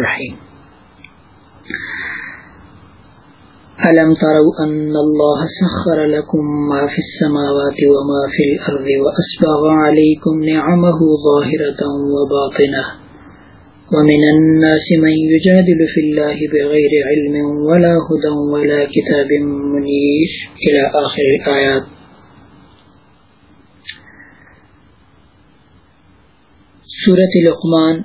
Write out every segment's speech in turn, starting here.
الرحيم ألم تروا أن الله سخر لكم ما في السماوات وما في الأرض وأسبغ عليكم نعمه ظاهرة وباطنة ومن الناس من يجادل في الله بغير علم ولا هدى ولا كتاب منير إلى آخر الآيات سورة لقمان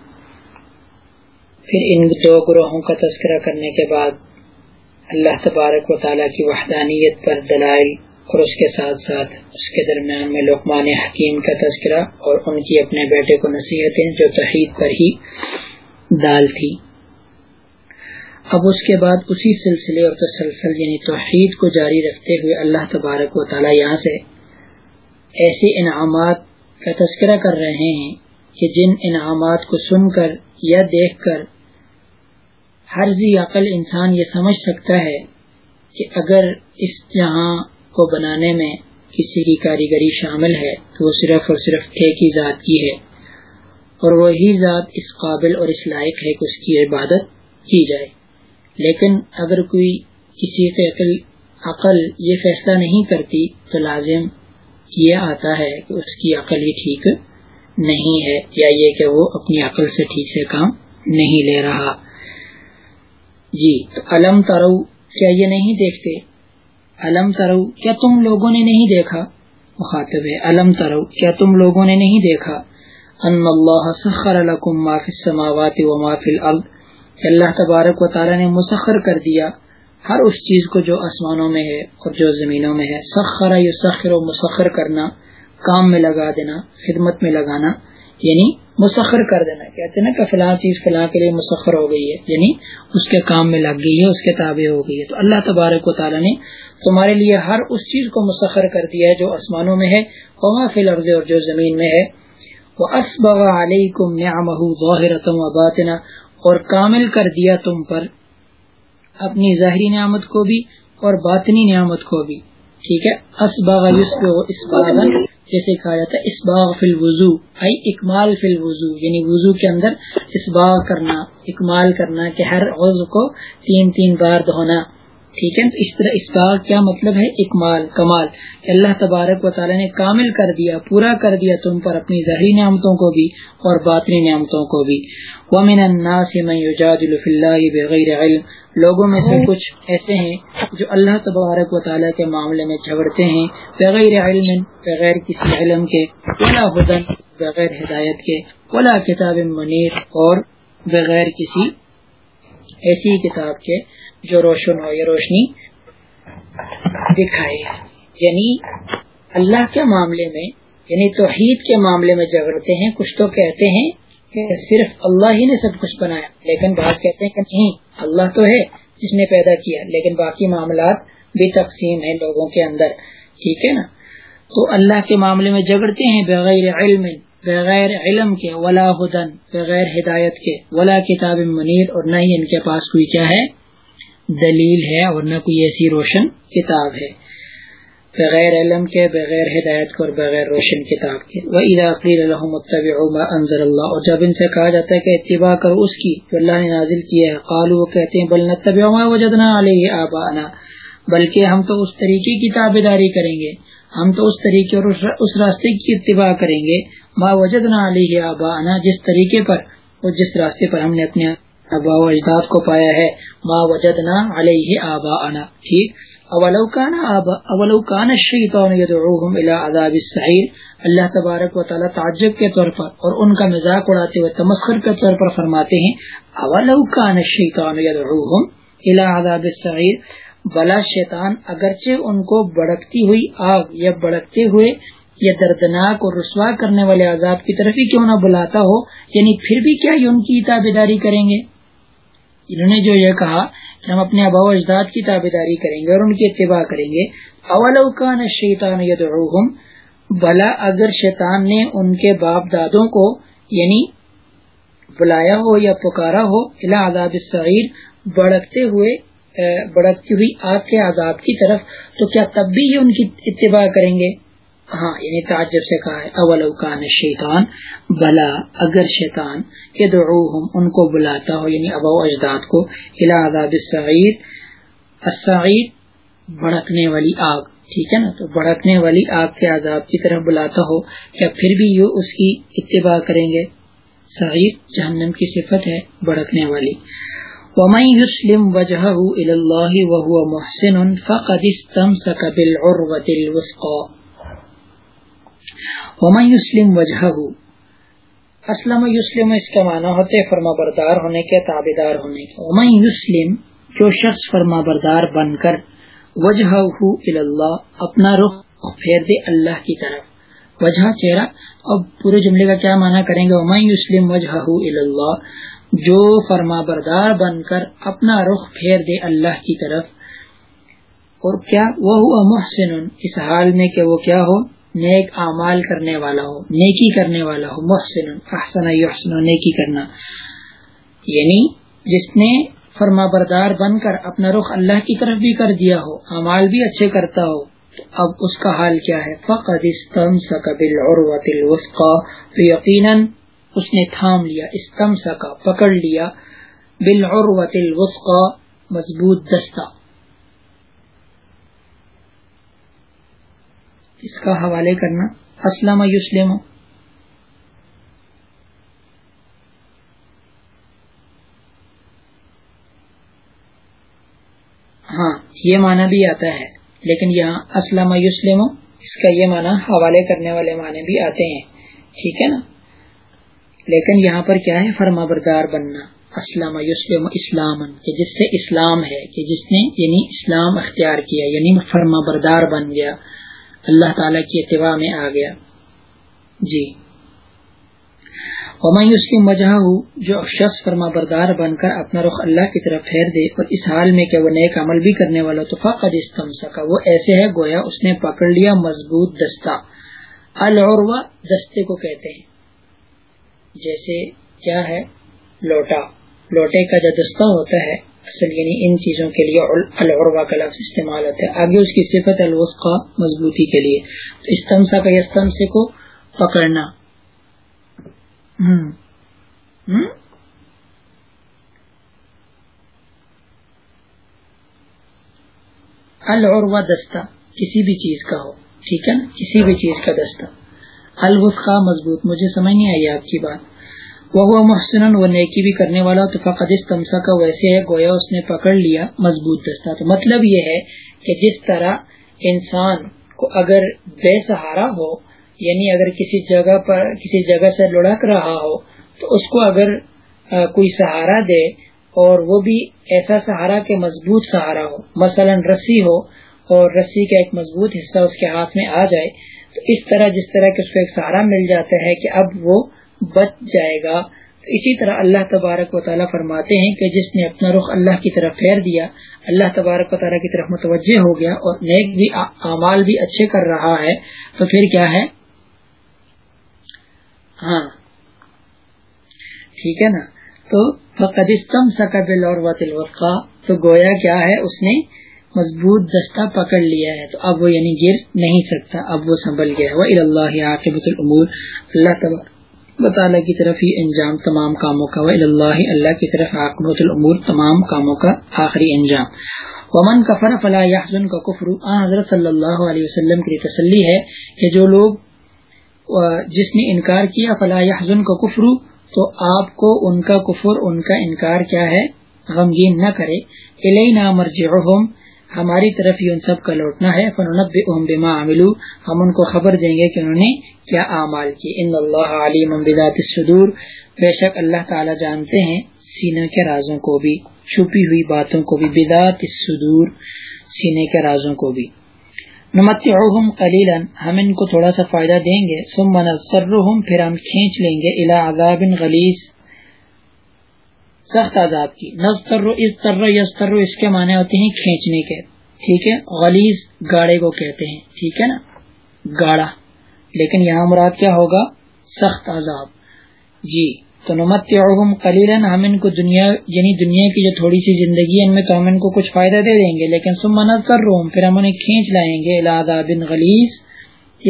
پھر ان دو گروہوں کا تذکرہ کرنے کے بعد اللہ تبارک و تعالیٰ کی وحدانیت پر دلائل اور اس کے ساتھ ساتھ اس کے درمیان میں لقمان حکیم کا تذکرہ اور ان کی اپنے بیٹے کو نصیحتیں جو پر ہی تھی اب اس کے بعد اسی سلسلے اور تسلسل یعنی توحید کو جاری رکھتے ہوئے اللہ تبارک و تعالیٰ یہاں سے ایسے انعامات کا تذکرہ کر رہے ہیں کہ جن انعامات کو سن کر دیکھ کر ہر زی عقل انسان یہ سمجھ سکتا ہے کہ اگر اس جہاں کو بنانے میں کسی کی کاریگری شامل ہے تو وہ صرف اور صرف ٹھیک ہی ذات کی ہے اور وہی ذات اس قابل اور اس لائق ہے کہ اس کی عبادت کی جائے لیکن اگر کوئی کسی کے عقل عقل یہ فیصلہ نہیں کرتی تو لازم یہ آتا ہے کہ اس کی عقل ہی ٹھیک نہیں ہے یا یہ کہ وہ اپنی عقل سے ٹھیک سے کام نہیں لے رہا جی علم ترو کیا یہ نہیں دیکھتے علم ترو کیا تم لوگوں نے نہیں دیکھا مخاطب ہے علم ترو کیا تم لوگوں نے نہیں دیکھا ان اللہ سخر لکم ما فی السماوات و ما فی الارض اللہ تبارک و تعالی نے مسخر کر دیا ہر اس چیز کو جو آسمانوں میں ہے اور جو زمینوں میں ہے سخر یسخر و مسخر کرنا کام میں لگا دینا خدمت میں لگانا یعنی مسخر کر دینا کہتے ہیں نا کہ فلاں چیز فلاں کے لیے مسخر ہو گئی ہے یعنی اس کے کام میں لگ گئی ہے اس کے تابع ہو گئی ہے تو اللہ تبارک و تعالیٰ نے تمہارے لیے ہر اس چیز کو مسخر کر دیا ہے جو آسمانوں میں ہے فی اور جو زمین میں ہے وہ السلیکم نیامہ ظاہر وبات اور کامل کر دیا تم پر اپنی ظاہری نعمت کو بھی اور باطنی نعمت کو بھی ٹھیک ہے جیسے کہا جاتا ہے اسباغ فی الوضو اکمال فی الوضو یعنی وضو کے اندر اسباغ کرنا اکمال کرنا کہ ہر عز کو تین تین بار دھونا ٹھیک ہے اس طرح اسباغ کیا مطلب ہے اکمال کمال اللہ تبارک و تعالیٰ نے کامل کر دیا پورا کر دیا تم پر اپنی ظہری نعمتوں کو بھی اور باطنی نعمتوں کو بھی فِي اللَّهِ بِغَيْرِ عِلْمٍ لوگوں میں سے ہاں۔ کچھ ایسے ہیں جو اللہ تبارک و تعالیٰ کے معاملے میں جھگڑتے ہیں بغیر علم بغیر کسی علم کے ولا حدن بغیر ہدایت کے ولا کتاب منیر اور بغیر کسی ایسی کتاب کے جو روشن ہو یا روشنی دکھائے یعنی اللہ کے معاملے میں یعنی توحید کے معاملے میں جھگڑتے ہیں کچھ تو کہتے ہیں کہ صرف اللہ ہی نے سب کچھ بنایا لیکن بعض کہتے ہیں کہ نہیں اللہ تو ہے جس نے پیدا کیا لیکن باقی معاملات بھی تقسیم ہیں لوگوں کے اندر ٹھیک ہے نا تو اللہ کے معاملے میں جگڑتے ہیں بغیر علم بغیر علم کے ولا ہدن بغیر ہدایت کے ولا کتاب منیر اور نہ ہی ان کے پاس کوئی کیا ہے دلیل ہے اور نہ کوئی ایسی روشن کتاب ہے بغیر علم کے بغیر ہدایت کے اور بغیر روشن کتاب کے وہ انضر اللہ اور جب ان سے کہا جاتا ہے کہ اتباع کرو اس کی جو اللہ نے نازل کیا ہے قالو وہ کہتے ہیں بلن طبی و جدنا علیہ آبا انا بلکہ ہم تو اس طریقے کی تابے داری کریں گے ہم تو اس طریقے اور اس راستے کی اتباع کریں گے ما وجدنا علیہ آبا انا جس طریقے پر اور جس راستے پر ہم نے اپنے ابا و اجداد کو پایا ہے ما وجدنا علیہ آبا انا ٹھیک اولو کانا اولو کانا شیطان یدعوهم الى عذاب السعیر اللہ تبارک و تعالی تعجب کے طور پر اور ان کا مزاق اڑاتے ہوئے تمسخر کے طور پر فرماتے ہیں اولو کانا شیطان یدعوهم الی عذاب السعیر بلا شیطان اگرچہ ان کو بڑکتی ہوئی آگ یا بڑکتے ہوئے یا دردناک اور رسوا کرنے والے عذاب کی طرف ہی کیوں نہ بلاتا ہو یعنی پھر بھی کیا یہ ان کی تابداری کریں گے انہوں نے جو یہ کہا ہم اپنے آبا و اجداد کی تابے داری کریں گے اور ان کی اتباع کریں گے اولا شیطان یدعوہم بھلا اگر شیطان نے ان کے باپ دادوں کو یعنی بلایا ہو یا پکارا ہو الا عذاب الصغیر بڑھتے ہوئے بڑھتی ہوئی آگ کے عذاب کی طرف تو کیا تب بھی یہ ان کی اتباع کریں گے ہاں یعنی تعجب سے کہا ہے اول اوکان شیطان بلا اگر شیطان ادعوہم ان کو بلاتا ہو یعنی ابا اجداد کو عذاب السعید السعید بڑکنے والی آگ ٹھیک ہے نا تو بڑکنے والی آگ کے عذاب کی طرح بلاتا ہو کیا پھر بھی یہ اس کی اتباع کریں گے سعید جہنم کی صفت ہے بڑکنے والی وَجْهَهُ إِلَى اللَّهِ وَهُوَ مُحْسِنٌ فَقَدِ محسن بِالْعُرْوَةِ اور وجہ اسلم اس کا معنی ہوتے فرما بردار ہونے کے تابے دار ہونے کے جو شخص فرما بردار بن کر وجہ اللہ اپنا رخ پھیر دے اللہ کی طرف وجہ چہرہ اب پورے جملے کا کیا مانا کریں گے یسلم وجہ اللہ جو فرما بردار بن کر اپنا رخ پھیر دے اللہ کی طرف اور کیا وہ محسن اس حال میں کہ وہ کیا ہو نیک اعمال کرنے والا ہو نیکی کرنے والا ہو محسن احسن یحسن نیکی کرنا یعنی جس نے فرما بردار بن کر اپنا رخ اللہ کی طرف بھی کر دیا ہو اعمال بھی اچھے کرتا ہو تو اب اس کا حال کیا ہے فقد استم سکا اور تو یقیناً اس نے تھام لیا استم سکا پکڑ لیا بل اور مضبوط دستہ اس کا حوالے کرنا اسلم یوسلم ہاں یہ معنی بھی آتا ہے لیکن یہاں اسلم یوسلم یہ معنی حوالے کرنے والے معنی بھی آتے ہیں ٹھیک ہے نا لیکن یہاں پر کیا ہے فرما بردار بننا اسلام اسلام جس سے اسلام ہے کہ جس نے یعنی اسلام اختیار کیا یعنی فرما بردار بن گیا اللہ تعالیٰ کی اتباع میں آ گیا جی اور میں اس کی مجھ ہوں جو شخص فرما بردار بن کر اپنا رخ اللہ کی طرف پھیر دے اور اس حال میں کہ وہ نیک عمل بھی کرنے والا تو فقد استم سکا وہ ایسے ہے گویا اس نے پکڑ لیا مضبوط دستہ الور دستے کو کہتے ہیں جیسے کیا ہے لوٹا لوٹے کا جو دستہ ہوتا ہے اصل یعنی ان چیزوں کے لیے الروا کا لفظ استعمال ہوتا ہے آگے اس کی صفت الوق مضبوطی کے لیے استنسا کا کو پکڑنا ہم الور دستہ کسی بھی چیز کا ہو ٹھیک ہے نا کسی بھی چیز کا دستہ الغ مضبوط مجھے سمجھ نہیں آئی آپ کی بات وہ محسن و نیکی بھی کرنے والا تو تمسا کا ویسے ہے گویا اس نے پکڑ لیا مضبوط دستہ تو مطلب یہ ہے کہ جس طرح انسان کو اگر بے سہارا ہو یعنی اگر کسی جگہ پر کسی جگہ سے لڑک رہا ہو تو اس کو اگر کوئی سہارا دے اور وہ بھی ایسا سہارا کہ مضبوط سہارا ہو مثلا رسی ہو اور رسی کا ایک مضبوط حصہ اس کے ہاتھ میں آ جائے تو اس طرح جس طرح کہ اس کو ایک سہارا مل جاتا ہے کہ اب وہ بچ جائے گا اسی طرح اللہ تبارک و تعالیٰ فرماتے ہیں کہ جس نے اپنا رخ اللہ کی طرف پھیر دیا اللہ تبارک و تعالیٰ کی طرف متوجہ ہو گیا اور نیک بھی اعمال بھی اچھے کر رہا ہے تو پھر کیا ہے ہاں ٹھیک ہے نا تو سکبل اور قدست تو گویا کیا ہے اس نے مضبوط دستہ پکڑ لیا ہے تو اب وہ یعنی گر نہیں سکتا اب وہ سنبھل گیا وہ اللہ العمور اللہ تبارک تعالیٰ کی طرف ہی انجام تمام کاموں کا اللہ اللہ کی طرف العمور تمام کاموں کا آخری انجام ومن کفر فلاح کا کفر حضرت صلی اللہ علیہ وسلم کی تسلی ہے کہ جو لوگ جس نے انکار کیا فلا یحزن کا کفر تو آپ کو ان کا کفر ان کا انکار کیا ہے غمگین نہ کرے نہ مرجی ہماری طرف ہی ان سب کا لوٹنا ہے عملو ہم ان کو خبر دیں گے کہ انہوں نے کیا اعمال کی ان اللہ صدور بے شک اللہ تعالیٰ جانتے ہیں سینہ کے رازوں کو بھی چھپی ہوئی باتوں کو بھی صدور سینے کے رازوں کو بھی نمت قلیلا ہم ان کو تھوڑا سا فائدہ دیں گے سم نصرهم پھر ہم کھینچ لیں گے عذاب سخت آزاد کی نظر یس تر اس کے معنی ہوتے ہیں کھینچنے کے ٹھیک ہے غلیز گاڑے کو کہتے ہیں ٹھیک ہے نا گاڑا لیکن یہاں مراد کیا ہوگا سخت عذاب جی تو نمت کلیل ہم ان کو دنیا یعنی دنیا کی جو تھوڑی سی زندگی ہے ان میں تو ہم ان کو کچھ فائدہ دے دیں گے لیکن سم پھر ہم انہیں کھینچ لائیں گے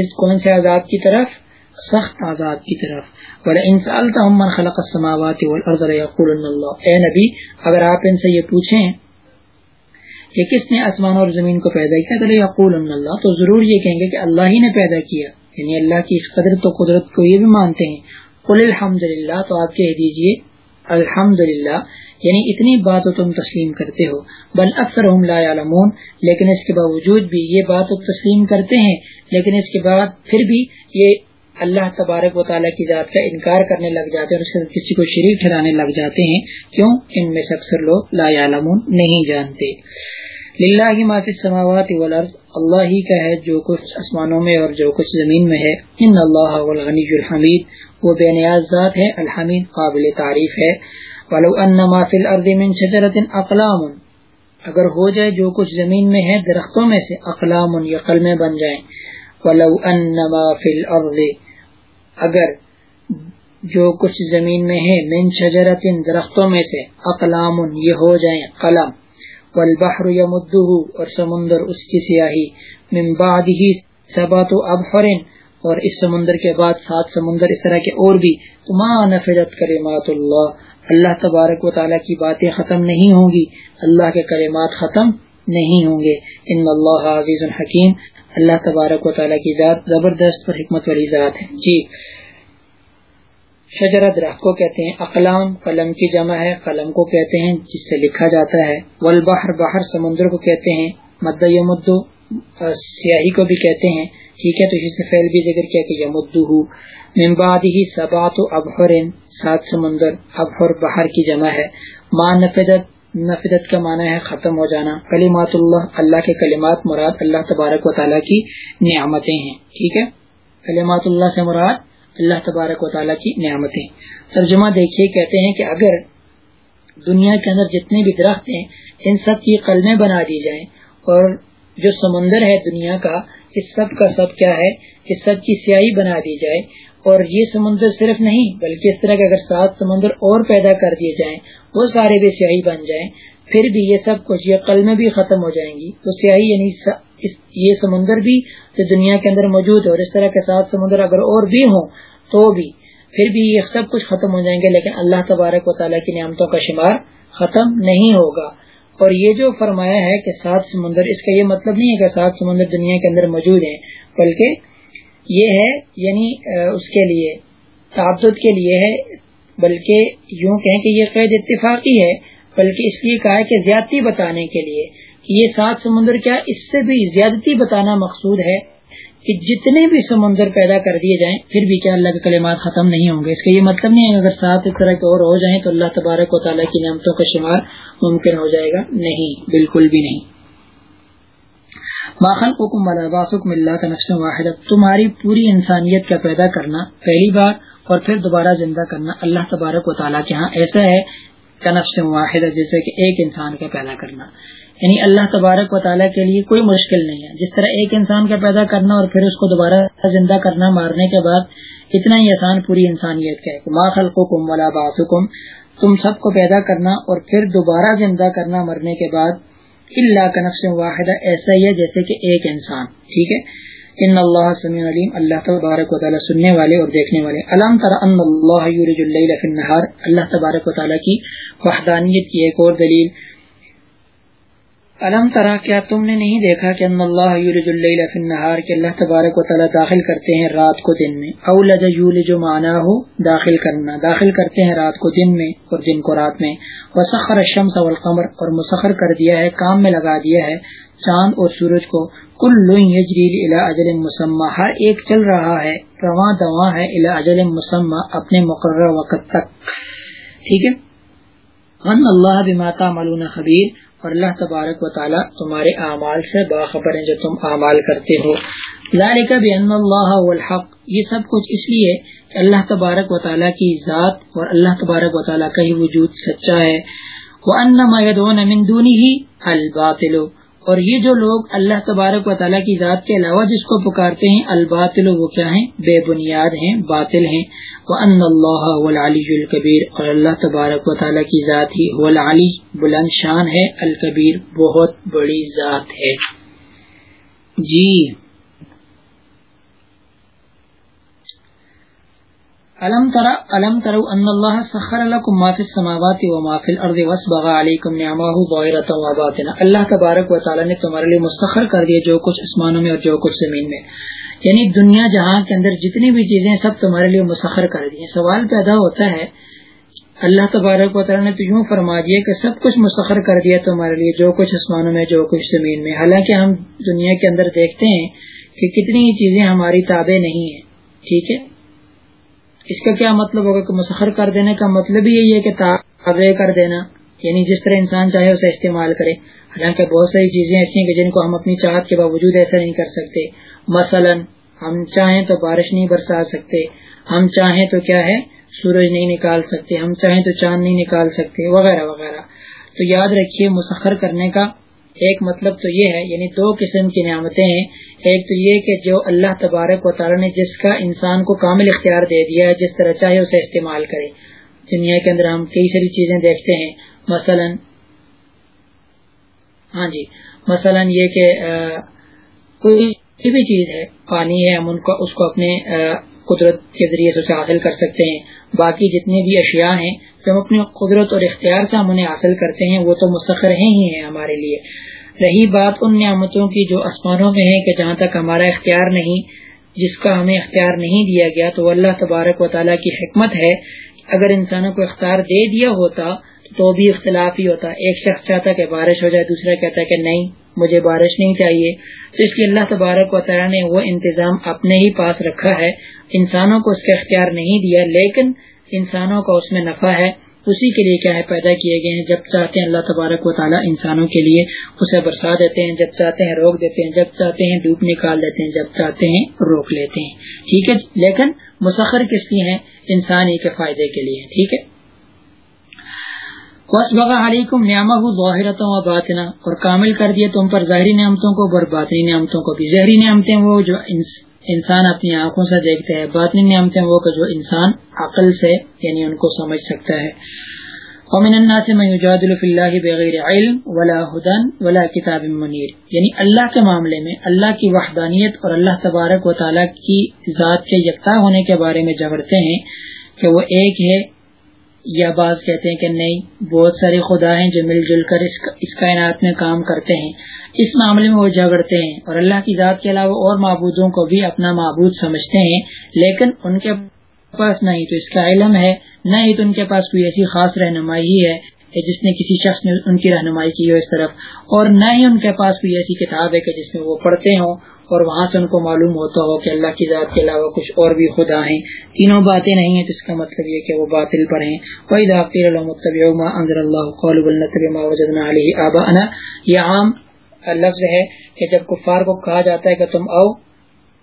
اس کون سے عذاب کی طرف سخت عذاب کی طرف خلق آگا اے اللہ اگر آپ ان سے یہ پوچھیں کہ کس نے آسمان اور زمین کو پیدا کیا تو اللہ تو ضرور یہ کہیں گے کہ اللہ ہی نے پیدا کیا یعنی اللہ کی اس قدر تو قدرت کو یہ بھی مانتے ہیں قل الحمد تو آپ کہہ دیجیے الحمد یعنی اتنی بات تم تسلیم کرتے ہو بل اکثر ہم لیکن اس کے باوجود بھی یہ بات تسلیم کرتے ہیں لیکن اس کے بعد پھر بھی یہ اللہ تبارک و تعالیٰ کی ذات کا انکار کرنے لگ جاتے ہیں اور کسی کو شریک ٹھہرانے لگ جاتے ہیں کیوں ان میں سے اکثر لوگ لا نہیں جانتے للہ لافی والارض اللہ ہی کا ہے جو کچھ آسمانوں میں اور جو کچھ زمین میں ہے ان اللہ الحمید وہ بے نیاز ذات ہے الحمید قابل تعریف ہے ولو اگر ہو جائے جو کچھ زمین میں ہے درختوں میں سے اقلام یا قلمیں بن جائیں ولو فی الارض اگر جو کچھ زمین میں ہے من ان درختوں میں سے اقلام یہ ہو جائیں قلم والبحر یمدہ اور سمندر اس کی سیاہی من بعد ہی و ابحرن اور اس سمندر کے بعد سات سمندر اس طرح کے اور بھی تمہاں نفرت کلمات اللہ اللہ تبارک و تعالیٰ کی باتیں ختم نہیں ہوں گی اللہ کے کلمات ختم نہیں ہوں گے ان اللہ عزیز الحکیم اللہ تبارک و تعالیٰ کی ذات زبردست اور حکمت والی ذات ہے جی درخت کو کہتے ہیں اقلام قلم کی جمع ہے قلم کو کہتے ہیں جس سے لکھا جاتا ہے والبحر بحر سمندر کو کہتے ہیں مد یمدو سیاہی کو بھی کہتے ہیں ٹھیک ہے تو فیل بھی ذکر کیا کہ یمدو ہو ممباد ہی سبات و سات سمندر ابہر بحر کی جمع ہے ماں نفید نفرت کا معنی ہے ختم ہو جانا کلیمات اللہ اللہ کے کلمات مراد اللہ تبارک و تعالیٰ کی نعمتیں ہیں ٹھیک ہے کلیمات اللہ سے مراد اللہ تبارک و تعالیٰ کی نعمتیں ترجمہ دیکھیے کہتے ہیں کہ اگر دنیا کے اندر جتنے بھی درخت ہیں ان سب کی قلمیں بنا دی جائیں اور جو سمندر ہے دنیا کا اس سب کا سب کیا ہے اس سب کی سیاہی بنا دی جائے اور یہ سمندر صرف نہیں بلکہ اس طرح کے اگر سات سمندر اور پیدا کر دیے جائیں وہ سارے بھی سیاہی بن جائیں پھر بھی یہ سب کچھ یہ کل میں بھی ختم ہو جائیں گی تو سیاہی یعنی اس یہ سمندر بھی دنیا کے اندر موجود ہے اور اس طرح کے ساتھ سمندر اگر اور بھی ہوں تو بھی پھر بھی یہ سب کچھ ختم ہو جائیں گے لیکن اللہ تبارک و تعالیٰ کی نعمتوں کا شمار ختم نہیں ہوگا اور یہ جو فرمایا ہے کہ سات سمندر اس کا یہ مطلب نہیں ہے کہ سات سمندر دنیا کے اندر موجود ہیں بلکہ یہ ہے یعنی اس کے لیے تعبت کے لیے ہے بلکہ یوں کہیں کہ یہ قید اتفاقی ہے بلکہ اس لیے کہا کہ زیادتی بتانے کے لیے کہ یہ سات سمندر کیا اس سے بھی زیادتی بتانا مقصود ہے کہ جتنے بھی سمندر پیدا کر دیے جائیں پھر بھی کیا اللہ کے کلمات ختم نہیں ہوں گے اس کا یہ مطلب نہیں ہے اگر سات اس طرح کے اور ہو جائیں تو اللہ تبارک و تعالیٰ کی نعمتوں کا شمار ممکن ہو جائے گا نہیں بالکل بھی نہیں ماخل حکم اللہ کا نقشہ واحد تمہاری پوری انسانیت کا پیدا کرنا پہلی بار اور پھر دوبارہ زندہ کرنا اللہ تبارک و تعالیٰ کے ہاں ایسا ہے کنفش معاہدہ جیسے کہ ایک انسان کا پیدا کرنا یعنی اللہ تبارک و تعالیٰ کے لیے کوئی مشکل نہیں ہے جس طرح ایک انسان کا پیدا کرنا اور پھر اس کو دوبارہ زندہ کرنا مارنے کے بعد اتنا ہی آسان پوری انسانیت کا ہے ما حکم ملا بات حکم تم سب کو پیدا کرنا اور پھر دوبارہ زندہ کرنا مرنے کے بعد اللہ کنفش واحدہ ایسا ہی ہے جیسے کہ ایک انسان ٹھیک ہے ان اللہ سمیع علیم اللہ تبارک و سننے والے اور دیکھنے والے علام تر ان اللہ یورج اللہ نہار اللہ تبارک و تعالیٰ کی وحدانیت کی ایک اور دلیل علم طرح کیا تم نے نہیں دیکھا نہار کے اللہ تبارک و تعالیٰ داخل کرتے ہیں رات کو دن میں جو مانا ہو داخل کرنا داخل کرتے ہیں رات کو دن میں اور دن کو رات میں وسخر والقمر اور مسخر کر دیا ہے کام میں لگا دیا ہے چاند اور سورج کو کل یجریل اجل مسمہ ہر ایک چل رہا ہے رواں دواں ہے اجل مسلمہ اپنے مقرر وقت تک ٹھیک ہے اللہ خبیر اور اللہ تبارک و تعالیٰ تمہارے اعمال سے باخبر ہیں جو تم اعمال کرتے ہو ذالک بان اللہ الحق یہ سب کچھ اس لیے کہ اللہ تبارک و تعالیٰ کی ذات اور اللہ تبارک و تعالیٰ کا ہی وجود سچا ہے الباطل اور یہ جو لوگ اللہ تبارک و تعالیٰ کی ذات کے علاوہ جس کو پکارتے ہیں الباطل وہ کیا ہیں بے بنیاد ہیں باطل ہیں اللہ العلی الکبیر اور اللہ تبارک و تعالیٰ کی ذات ہی ولعلی بلند شان ہے الکبیر بہت بڑی ذات ہے جی علم ترا علم ان سخر ما السماوات الارض ترت سماواتی و اردو اللہ تبارک و تعالی نے تمہارے لیے مسخر کر دیا جو کچھ آسمانوں میں اور جو کچھ زمین میں یعنی دنیا جہاں کے اندر جتنی بھی چیزیں سب تمہارے لیے مسخر کر دی ہیں سوال پیدا ہوتا ہے اللہ تبارک و تعالی نے تو یوں فرما دیا کہ سب کچھ مسخر کر دیا تمہارے لیے جو کچھ آسمانوں میں جو کچھ زمین میں حالانکہ ہم دنیا کے اندر دیکھتے ہیں کہ کتنی چیزیں ہماری تابع نہیں ہیں ٹھیک ہے اس کا کیا مطلب ہوگا کہ مسخر کر دینے کا مطلب ہی یہی ہے کہ تابع کر دینا یعنی جس طرح انسان چاہے اسے استعمال کرے حالانکہ بہت ساری چیزیں ایسی ہیں کہ جن کو ہم اپنی چاہت کے باوجود ایسا نہیں کر سکتے مثلا ہم چاہیں تو بارش نہیں برسا سکتے ہم چاہیں تو کیا ہے سورج نہیں نکال سکتے ہم چاہیں تو چاند نہیں نکال سکتے وغیرہ وغیرہ تو یاد رکھیے مسخر کرنے کا ایک مطلب تو یہ ہے یعنی دو قسم کی نعمتیں ہیں ایک تو یہ کہ جو اللہ تبارک و تعالیٰ نے جس کا انسان کو کامل اختیار دے دیا ہے جس طرح چاہے اسے استعمال کرے دنیا کے اندر ہم کئی ساری چیزیں دیکھتے ہیں مثلا ہاں جی مثلا یہ کہ کوئی بھی چیز ہے پانی ہے ہم ان کو اس کو اپنے قدرت کے ذریعے سے اسے حاصل کر سکتے ہیں باقی جتنے بھی اشیاء ہیں جو ہم اپنی قدرت اور اختیار سے ہم انہیں حاصل کرتے ہیں وہ تو مسخر ہیں ہی ہیں ہمارے لیے رہی بات ان نعمتوں کی جو آسمانوں میں ہیں کہ جہاں تک ہمارا اختیار نہیں جس کا ہمیں اختیار نہیں دیا گیا تو اللہ تبارک و تعالیٰ کی حکمت ہے اگر انسانوں کو اختیار دے دیا ہوتا تو بھی اختلاف ہی ہوتا ایک شخص چاہتا کہ بارش ہو جائے دوسرا کہتا کہ نہیں مجھے بارش نہیں چاہیے تو اس لیے اللہ تبارک و تعالیٰ نے وہ انتظام اپنے ہی پاس رکھا ہے انسانوں کو اس کا اختیار نہیں دیا لیکن انسانوں کا اس میں نفع ہے اسی کے لیے کیا ہے پیدا کیے گئے ہیں جب چاہتے ہیں اللہ تبارک و تعالیٰ انسانوں کے لیے اسے برسا دیتے ہیں جب چاہتے ہیں روک دیتے ہیں جب چاہتے ہیں دھوپ نکال دیتے جب چاہتے ہیں روک لیتے ہیں ٹھیک ہے لیکن مسخر کس لیے ہیں انسانی کے فائدے کے لیے ٹھیک ہے بس بغا علیکم نعمہتوں ظاہرتوں و باطنا اور کامل کر دیے تم پر ظاہری نعمتوں کو اور باطنی نعمتوں کو بھی ظہری نعمتیں وہ جو انسان اپنی آنکھوں سے دیکھتا ہے بات نہیں وہ جو انسان عقل سے یعنی ان کو سمجھ سکتا ہے اللہ کے معاملے میں اللہ کی وحدانیت اور اللہ تبارک و تعالیٰ کی ذات کے یکتا ہونے کے بارے میں جگڑتے ہیں کہ وہ ایک ہے یا بعض کہتے ہیں کہ نہیں بہت سارے خدا ہیں جو مل جل کر اس کائنات میں کام کرتے ہیں اس معاملے میں وہ جگڑتے ہیں اور اللہ کی ذات کے علاوہ اور معبودوں کو بھی اپنا معبود سمجھتے ہیں لیکن ان کے پاس نہیں تو اس کا علم ہے نہ ہی تو ان کے پاس کوئی ایسی خاص رہنمائی ہی ہے جس نے کسی شخص نے ان کی رہنمائی کی ہو اس طرف اور نہ ہی ان کے پاس کوئی ایسی کتاب ہے کہ جس میں وہ پڑھتے ہوں اور وہاں سے ان کو معلوم ہوتا ہو کہ اللہ کی ذات کے علاوہ کچھ اور بھی خدا ہیں تینوں باتیں نہیں ہیں تو اس کا مطلب یہ کہ وہ باطل پر ہیں وہی داخیر اللہ اللہ آبا یہ عام لفظ ہے کہ جب کفار کو کہا جاتا ہے کہ تم آؤ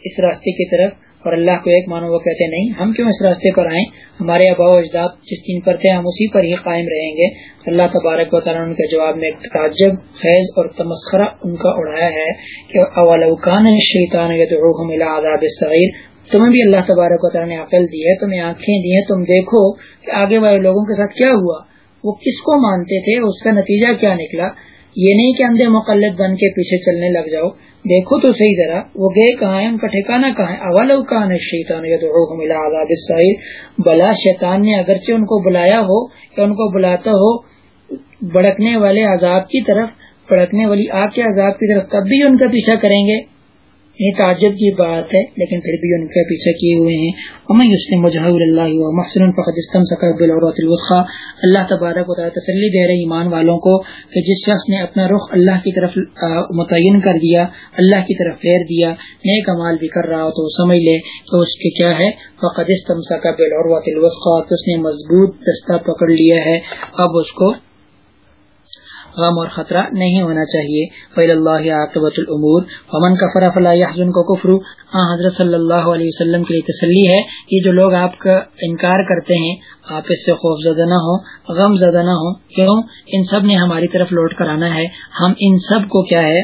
اس راستے کی طرف اور اللہ کو ایک مانو وہ کہتے نہیں ہم کیوں اس راستے پر آئیں ہمارے آبا و اجداد جس دن پر تھے ہم اسی پر ہی قائم رہیں گے اللہ تبارک و تعالیٰ ان کے جواب میں ایک تعجب خیز اور تمسخرہ ان کا اڑایا ہے کہ شیطان تمہیں بھی اللہ تبارک و تعالیٰ نے عقل دی ہے تمہیں آنکھیں دی ہیں تم دیکھو کہ آگے والے لوگوں کے ساتھ کیا ہوا وہ کس کو مانتے تھے اس کا نتیجہ کیا نکلا یہ نہیں کہ اندھے مقلد بن کے پیچھے چلنے لگ جاؤ دیکھو تو صحیح ذرا وہ گئے کہاں ان کا ٹھکانا کہاں ہے اوکان شیتان یا تو ملا آزاد بلا شیطان نے اگرچہ ان کو بلایا ہو یا ان کو بلاتا ہو بڑکنے والے عذاب کی طرف بڑکنے والی آپ کے عذاب کی طرف تب بھی ان کا پیچھا کریں گے یہ تعجب کی بات ہے لیکن پھر بھی ان کے پیچھے کیے ہوئے ہیں امن مخصوص اللہ اللہ تبارک و تعالیٰ تسلی دے رہے ایمان والوں کو کہ جس شخص نے اپنا رخ اللہ کی طرف متعین کر دیا اللہ کی طرف پھیر دیا نئے کمال بھی کر رہا ہو تو سمجھ لے کہ اس کے کیا ہے اس نے مضبوط دستہ پکڑ لیا ہے اب اس کو غم اور خطرہ نہیں ہونا چاہیے فیل اللہ العمور امن کا کو کفرو ہاں حضرت صلی اللہ علیہ وسلم کے لیے تسلی ہے کہ جو لوگ آپ کا انکار کرتے ہیں آپ اس سے خوف زدہ نہ ہو غم زدہ نہ ہو کیوں ان سب نے ہماری طرف لوٹ کر آنا ہے ہم ان سب کو کیا ہے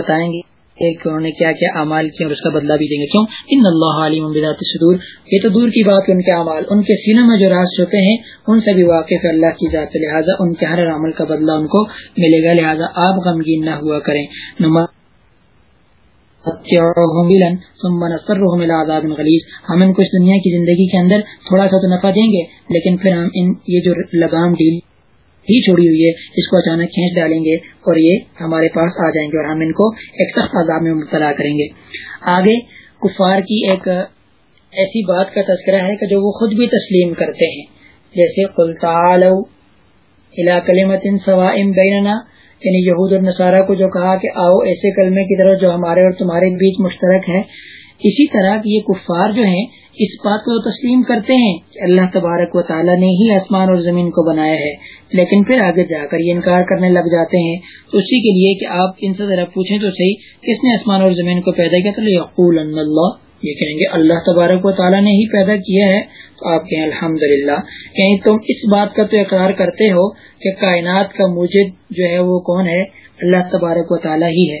بتائیں گے کہ انہوں نے کیا کیا اعمال کیے اور اس کا بدلہ بھی دیں گے کیوں ان اللہ علیہ بذات صدور یہ تو دور کی بات ان کے اعمال ان کے سینے میں جو راز چھپے ہیں ان سے بھی واقف ہے اللہ کی ذات لہٰذا ان کے ہر عمل کا بدلہ ان کو ملے گا لہٰذا آپ غمگین نہ ہوا کریں نما غلیز ہم ان کو اس دنیا کی زندگی کے اندر تھوڑا سا تو نفع دیں گے لیکن پھر ہم ان یہ جو لگام ڈیل ہی چھوڑی ہوئی ہے اس کو اچانک کھینچ ڈالیں گے اور یہ ہمارے پاس آ جائیں گے اور ہم ان کو ایک سخت عذاب میں مبتلا کریں گے آگے کفار کی ایک ایسی بات کا تذکرہ ہے کہ جو وہ خود بھی تسلیم کرتے ہیں جیسے بیننا یعنی یہود اور نصارہ کو جو کہا کہ آؤ ایسے کلمے کی طرف جو ہمارے اور تمہارے بیچ مشترک ہے اسی طرح یہ کفار جو ہیں اس بات کو تسلیم کرتے ہیں کہ اللہ تبارک و تعالیٰ نے ہی آسمان اور زمین کو بنایا ہے لیکن پھر آگے جا کر یہ انکار کرنے لگ جاتے ہیں تو اسی کے لیے کہ آپ ان سے ذرا پوچھیں تو صحیح کس نے آسمان اور زمین کو پیدا کیا تو یقول اللہ یہ کہیں گے اللہ تبارک و تعالیٰ نے ہی پیدا کیا ہے تو آپ کہیں الحمد للہ کہیں تم اس بات کا تو اقرار کرتے ہو کہ کائنات کا موجد جو ہے وہ کون ہے اللہ تبارک و تعالیٰ ہی ہے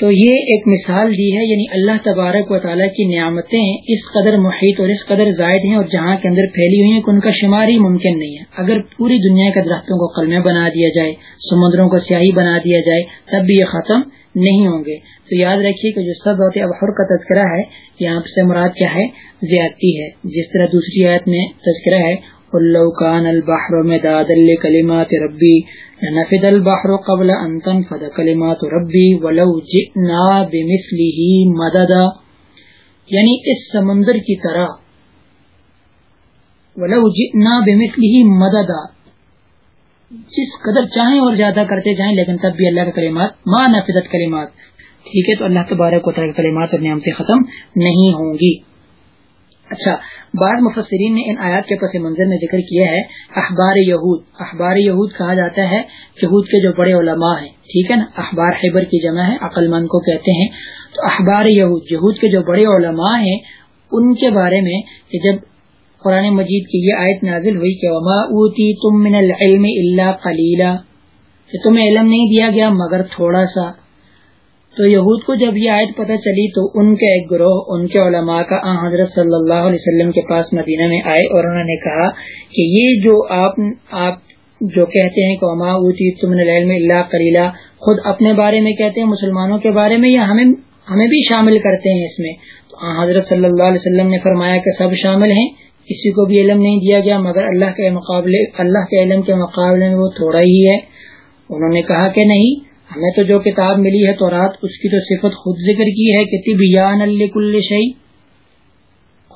تو یہ ایک مثال دی ہے یعنی اللہ تبارک و تعالیٰ کی نعمتیں اس قدر محیط اور اس قدر زائد ہیں اور جہاں کے اندر پھیلی ہوئی ہیں کہ ان کا شمار ہی ممکن نہیں ہے اگر پوری دنیا کے درختوں کو قلمے بنا دیا جائے سمندروں کو سیاہی بنا دیا جائے تب بھی یہ ختم نہیں ہوں گے تو یاد رکھیے کہ جو سب ابحر کا تذکرہ ہے یہاں سے مراد کیا ہے زیادتی ہے جس طرح دوسری آیت میں تذکرہ ہے اللہ کان میں داد کلیمات ربی نفد البحر قبل ان تنفد کلمات ربی ولو جئنا بمثله مدد یعنی اس سمندر کی طرح ولو جئنا بمثله مدد جس قدر چاہیں اور زیادہ کرتے جائیں لیکن تب بھی اللہ کا کلمات ما نفدت کلمات ٹھیک ہے تو اللہ تبارک و تعالیٰ کلمات اور نعمتیں ختم نہیں ہوں گی اچھا بعض مفسرین نے ان آیات کے پس منظر میں ذکر کیا ہے اخبار یہود اخبار یہود کہا جاتا ہے یہود کے جو بڑے علماء ہیں ٹھیک ہے نا اخبار خیبر کی جمع ہے عقل مند کو کہتے ہیں تو اخبار یہود یہود کے جو بڑے علماء ہیں ان کے بارے میں کہ جب قرآن مجید کی یہ آیت نازل ہوئی کہ وما اوتی تم من العلم اللہ کہ تمہیں علم نہیں دیا گیا مگر تھوڑا سا تو یہود کو جب یہ آیت پتہ چلی تو ان کے ایک گروہ ان کے علماء کا آن حضرت صلی اللہ علیہ وسلم کے پاس مدینہ میں آئے اور انہوں نے کہا کہ یہ جو آپ آپ جو کہتے ہیں کہ اللہ خود اپنے بارے میں کہتے ہیں مسلمانوں کے بارے میں یا ہمیں ہمیں بھی شامل کرتے ہیں اس میں تو آن حضرت صلی اللہ علیہ وسلم نے فرمایا کہ سب شامل ہیں کسی کو بھی علم نہیں دیا گیا مگر اللہ کے مقابلے اللہ کے علم کے مقابلے میں وہ تھوڑا ہی ہے انہوں نے کہا کہ نہیں ہمیں تو جو کتاب ملی ہے تو رات اس کی تو صفت خود ذکر کی ہے کہ تبیان الکل شعی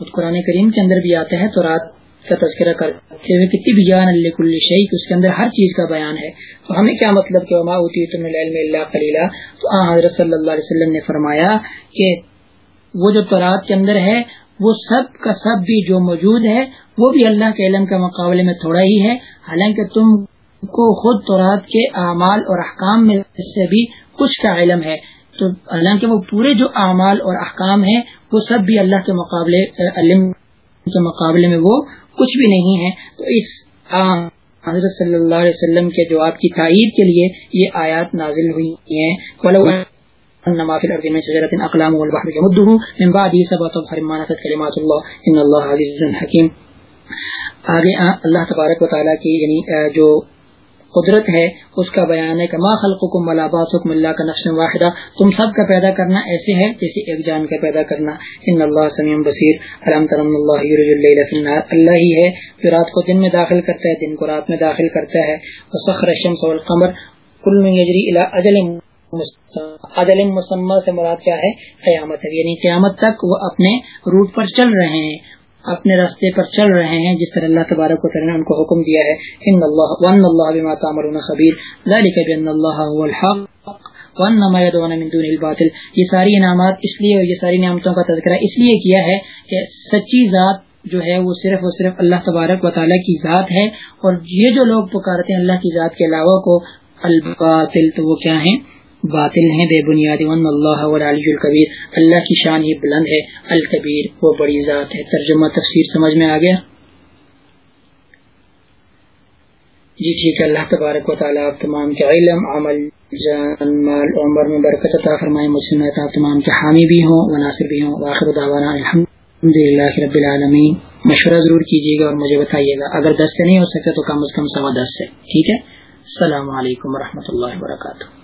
خود قرآن کریم کے اندر بھی آتا ہے تو رات کا تذکرہ کرتے ہوئے کہ بھی جان اللہ کل شہی اس کے اندر ہر چیز کا بیان ہے تو ہمیں کیا مطلب کہ وما ہوتی تم العلم اللہ خلیلہ تو آ حضرت صلی اللہ علیہ وسلم نے فرمایا کہ وہ جو تورات کے اندر ہے وہ سب کا سب بھی جو موجود ہے وہ بھی اللہ کے علم کے مقابلے میں تھوڑا ہی ہے حالانکہ تم کو خود تورات کے اعمال اور احکام میں سے بھی کچھ کا علم ہے تو اللہ کے وہ پورے جو اعمال اور احکام ہیں وہ سب بھی اللہ کے مقابلے علم کے مقابلے میں وہ کچھ بھی نہیں ہے تو اس حضرت صلی اللہ علیہ وسلم کے جواب کی تائید کے لیے یہ آیات نازل ہوئی ہیں اقلام البحر من بعد کلمات اللہ ان اللہ حکیم آگے اللہ تبارک و تعالیٰ کی یعنی جو قدرت ہے اس کا بیان ہے کہ ما خلق حکم ولا باس حکم اللہ کا نقش واحدہ تم سب کا پیدا کرنا ایسے ہے جیسے ایک جان کا پیدا کرنا ان اللہ سمیم بصیر الحم ترم اللہ اللہ ہی ہے جو رات کو دن میں داخل کرتا ہے دن کو رات میں داخل کرتا ہے سخر شمس القمر کل میں یجری الا اجل عدل مسمہ سے مراد کیا ہے قیامت ہے یعنی قیامت تک وہ اپنے روٹ پر چل رہے ہیں اپنے راستے پر چل رہے ہیں جس طرح اللہ تبارک و تعالی نے ان کو حکم دیا ہے ان اللہ وان اللہ بما تعملون خبیر ذلک بان اللہ هو الحق وان ما یدعون من دون الباطل یہ ساری انعامات اس لیے اور یہ ساری نعمتوں کا تذکرہ اس لیے کیا ہے کہ سچی ذات جو ہے وہ صرف اور صرف اللہ تبارک و تعالیٰ کی ذات ہے اور یہ جو لوگ پکارتے ہیں اللہ کی ذات کے علاوہ کو الباطل تو وہ کیا ہیں باطل ہیں بے بنیاد ون اللہ علی القبیر اللہ کی شان ہی بلند ہے الکبیر وہ بڑی ذات ہے ترجمہ تفسیر سمجھ میں آ گیا جی ٹھیک ہے اللہ تبارک و تعالیٰ آپ تمام کے علم عمل جان مال عمر میں برکت عطا فرمائے مسلم آپ تمام کے حامی بھی ہوں مناسب بھی ہوں آخر دعوانا الحمد للہ رب العالمین مشورہ ضرور کیجیے گا اور مجھے بتائیے گا اگر دس سے نہیں ہو سکے تو کم از کم سوا دس سے ٹھیک ہے السلام علیکم و اللہ وبرکاتہ